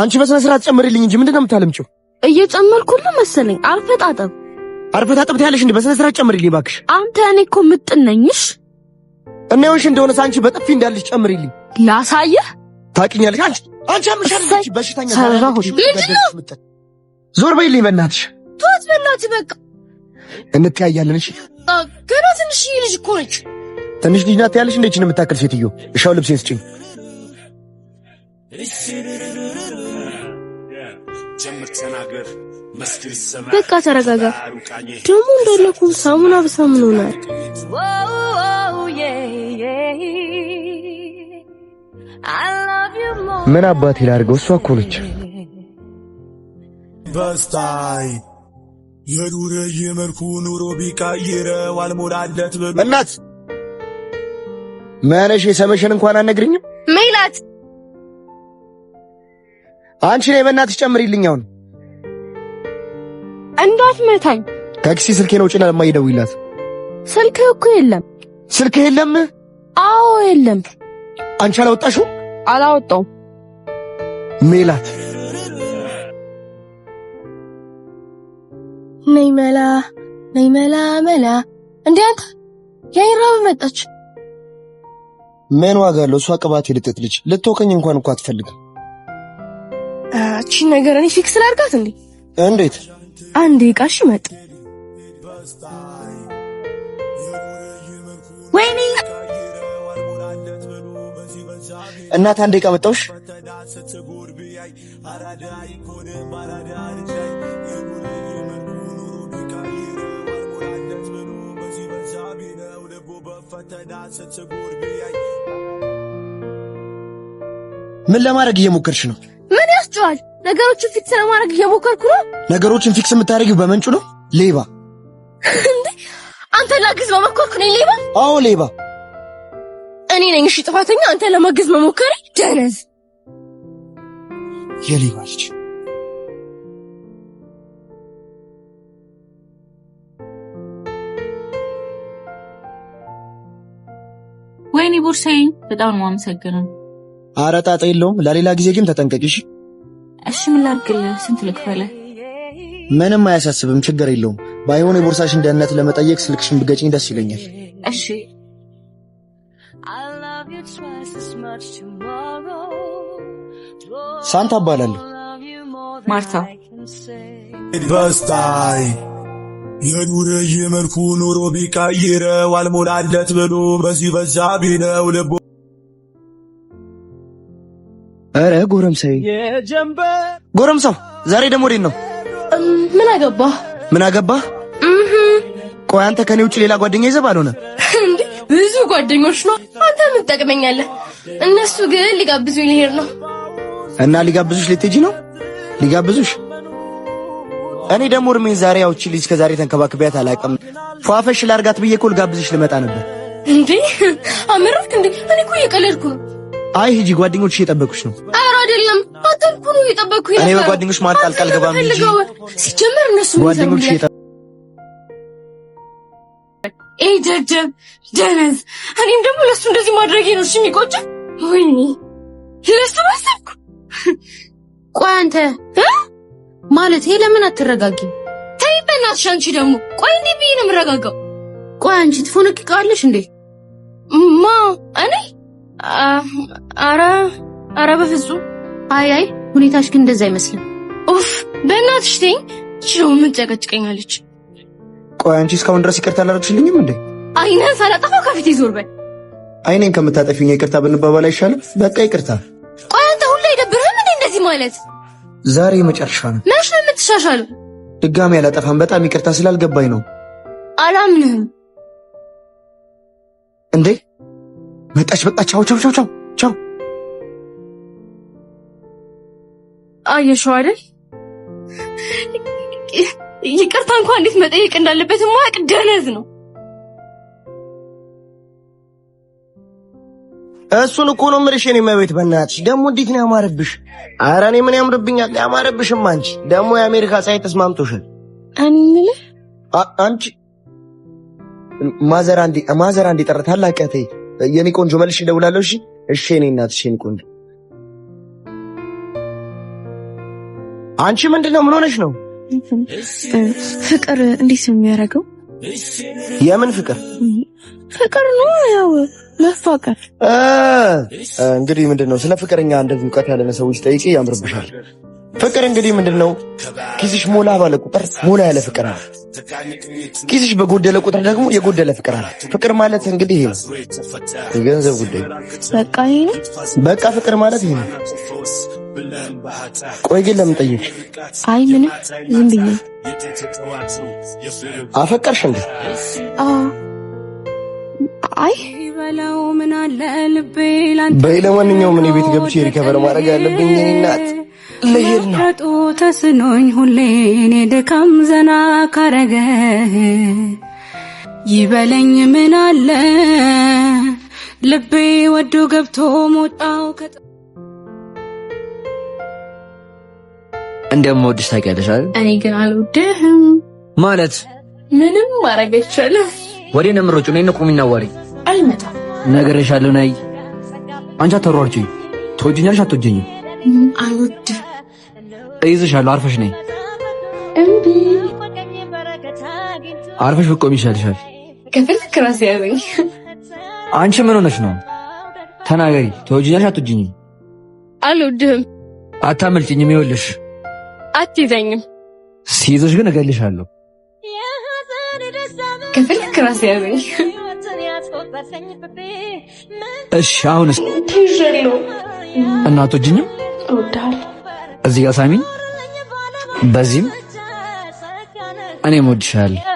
አንቺ በስነ ስርዓት ጨምሪልኝ እንጂ ምንድነው የምታለምጪው? እየጨመርኩልህ መሰለኝ። አርፈጣጠብ አርፈጣጠብ ትያለሽ እንዴ? በስነ ስርዓት ጨምሪልኝ እባክሽ። አንተ እኔ እኮ ምጥን ነኝሽ። እኔ ሆንሽ እንደሆነ ሳንቺ በጥፊ እንዳልሽ ጨምሪልኝ። ላሳየህ። ታውቂኛለሽ አንቺ አንቺ አምሻለሽ። በሽተኛ ሰራሁሽ። ዞር በይልኝ በእናትሽ። ተወት በእናትህ በቃ እንተያያለን። እሺ ገና ትንሽ ልጅ እኮ ነች። ትንሽ ልጅ ናት ያለሽ እንዴ? እችን የምታክል ሴትዮ እሻው ልብሴን ስጭኝ። በቃ ተረጋጋ። ደግሞ እንዳለኩ ሳሙና በሳሙና ሆናል። ምን አባቴ ላድርገው? እሷ እኮ ነች። በስታይ የዱረ የመልኩ ኑሮ ቢቀይረው አልሞላለት እናት መነሽ የሰመሽን እንኳን አነግርኝም ሜላት አንቺ ላይ በእናትሽ ጨምሪልኝ አሁን እንዳትመታኝ። ታክሲ ስልኬ ነው ጭና የማይደውይላት። ስልክህ እኮ የለም። ስልክ የለም? አዎ የለም። አንቺ አላወጣሽው? አላወጣው። ሜላት ነይ መላ ነይ መላ መላ። እንዴ መጣች። ምን ዋጋ አለው? እሷ ቅባት የልጥጥ ልጅ ልትወቀኝ እንኳን እኮ አትፈልግም። እቺ ነገር እኔ ፊክስ ላድርጋት እንዴ? እንዴት አንድ ይቃሽ ይመጥ ወይኔ እናት አንድ ይቃ መጣውሽ። ምን ለማድረግ እየሞከርሽ ነው? ምን ያስጨዋል? ነገሮችን ፊክስ ለማድረግ እየሞከርኩ ነው። ነገሮችን ፊክስ የምታደርጊው በመንጩ ነው። ሌባ እንዴ! አንተ ላግዝ መሞከርኩ ነኝ። ሌባ? አዎ ሌባ እኔ ነኝ። እሺ ጥፋተኛ አንተ ለማገዝ መሞከሪ ደነዝ። የሌባ ልጅ ወይኔ ቦርሳዬ። በጣም ነው አመሰግነው። አረ ጣጣ የለውም። ለሌላ ጊዜ ግን ተጠንቀቂሽ። እሺ ምን ላድርግልህ? ስንት ልክፈልህ? ምንም አያሳስብም፣ ችግር የለውም። ባይሆን የቦርሳሽን ደህንነት ለመጠየቅ ስልክሽን ብገጭኝ ደስ ይለኛል። እሺ ሳንታ እባላለሁ። ማርታ በስታይ የኑር መልኩ ኑሮ ቢቀይረው አልሞላለት ብሎ በዚህ በዛ ቢለው ልቦ ኧረ ጎረምሳዬ ጎረምሳው ዛሬ ደግሞ ወዴት ነው? ምን አገባ ምን አገባ? ቆይ አንተ ከኔ ውጭ ሌላ ጓደኛ ይዘህ ባልሆነ እንዴ? ብዙ ጓደኞች ነው። አንተ ምን ትጠቅመኛለህ? እነሱ ግን ሊጋብዙኝ ሊሄድ ነው። እና ሊጋብዙሽ ልትሄጂ ነው? ሊጋብዙሽ እኔ ደግሞ እርሜን ዛሬ ያውቺ ልጅ ከዛሬ ተንከባክቢያት አላውቅም። ፏፈሽ ላርጋት ብዬ እኮ ልጋብዝሽ ልመጣ ነበር። እንዴ አመራክ እንዴ? እኔ እኮ እየቀለድኩ ነው። አይ ሂጂ፣ ጓደኞች እየጠበቁሽ ነው። ኧረ አይደለም፣ አትልኩኑ እየጠበቁኝ ነው። እኔ በጓደኞች ማጣልቀል ገባም ሂጂ። ሲጀመር እነሱ ጓደኞች እየጠበቁ ይሄ ደደብ ደነዝ፣ እኔም ደግሞ ለሱ እንደዚህ ማድረጌ ነው እሺ የሚቆጨው? ወይኔ ለሱ ማሰብኩ። ቆይ አንተ ማለት ይሄ ለምን አትረጋጊም? ተይ በእናትሽ አንቺ ደግሞ። ቆይ እንዴ ብዬሽ ነው የምረጋጋው? ቆይ አንቺ ትፎነቅቀዋለሽ እንዴ? አረ አረ በፍጹም አይ አይ፣ ሁኔታሽ ግን እንደዛ አይመስልም። ኡፍ በእናትሽ ተይኝ። ችሎ ምን ጨቀጭቀኛለች? ቆይ አንቺ እስካሁን ድረስ ይቅርታ አላደረግሽልኝም እንዴ? አይነን ሳላጠፋው ከፊቴ ዞር በል። አይኔን ከምታጠፊኝ ይቅርታ ብንባባል አይሻልም? በቃ ይቅርታ። ቆይ አንተ ሁላ አይደብርህም እንዴ እንደዚህ ማለት? ዛሬ መጨረሻ ነው። መቼ ነው የምትሻሻለው? ድጋሜ አላጠፋም። በጣም ይቅርታ ስላልገባኝ ነው። አላምንህም እንዴ መጣች መጣች። ቻው ቻው ቻው ቻው። አየሽው አይደል? ይቅርታ እንኳን እንዴት መጠየቅ እንዳለበት ማቅ ደነዝ ነው። እሱን እኮ ነው የምልሽ። እኔ መቤት በእናትሽ ደግሞ እንዴት ነው ያማረብሽ? ኧረ እኔ ምን ያምርብኛል? ያማረብሽም አንቺ ደግሞ የአሜሪካ ፀሐይ ተስማምቶሻል። አንቺ ማዘር አንዴ ማዘር አንዴ ጠርታል አቀተይ የኔ ቆንጆ መልሽ እደውላለሁ። እሺ፣ እሺ፣ የኔ እናት፣ እሺ፣ የኔ ቆንጆ። አንቺ ምንድን ነው? ምን ሆነሽ ነው? ፍቅር እንዴት ነው የሚያደርገው? የምን ፍቅር? ፍቅር ነው ያው መፋቀር። እንግዲህ ምንድን ነው ስለ ፍቅረኛ እንደዚህ እውቀት ያለን ሰዎች ጠይቄ ያምርብሻል። ፍቅር እንግዲህ ምንድን ነው? ኪስሽ ሞላ ባለ ቁጥር ሞላ ያለ ፍቅር አለ። ኪስሽ በጎደለ ቁጥር ደግሞ የጎደለ ፍቅር አለ። ፍቅር ማለት እንግዲህ ይሄ ነው። የገንዘብ ጉዳይ በቃ ይሄ ነው። በቃ ፍቅር ማለት ይሄ ነው። ቆይ ግን ለምን ጠየቅሽ? አይ ምንም ዝም ብዬ። አፈቀርሽ እንዴ? አይ በይ፣ ለማንኛውም እኔ ቤት ገብቼ ሪከቨር ማድረግ ያለብኝ እናት ልሄድ ነው መፍረጡ ተስኖኝ ሁሌ እኔ ድካም ዘና ካረገ ይበለኝ ምን አለ ልቤ ወዶ ገብቶ ሞጣው ከጠ እንደምወድሽ ታውቂያለሽ አይደል? እኔ ግን አልወድህም ማለት ምንም ማድረግ አይቻልም። ወዴት ነው የምትሮጪው? እኔን ቁሚና ዋሪ አልመጣም። ነግሬሻለሁ። ነይ አንቺ አታሯርጪኝ። ትወጂኛለሽ አትወጂኝም አልወድም። እይዝሻለሁ። አርፈሽ ነይ። እምቢ። አርፈሽ ብቆም ይሻልሻል። ከፍል ክራስ ያዘኝ። አንቺ ምን ሆነሽ ነው? ተናገሪ። ተወጂኛለሽ? አትወጂኝም? አልወድህም። አታመልጭኝም። ይኸውልሽ አትይዘኝም። ሲይዝሽ ግን እገልሻለሁ። ከፍል ክራስ ያዘኝ። እሺ አሁንስ እናቶጅኝም እወድሃለሁ። እዚህ ጋር ሳሚን፣ በዚህም እኔም እወድሻለሁ።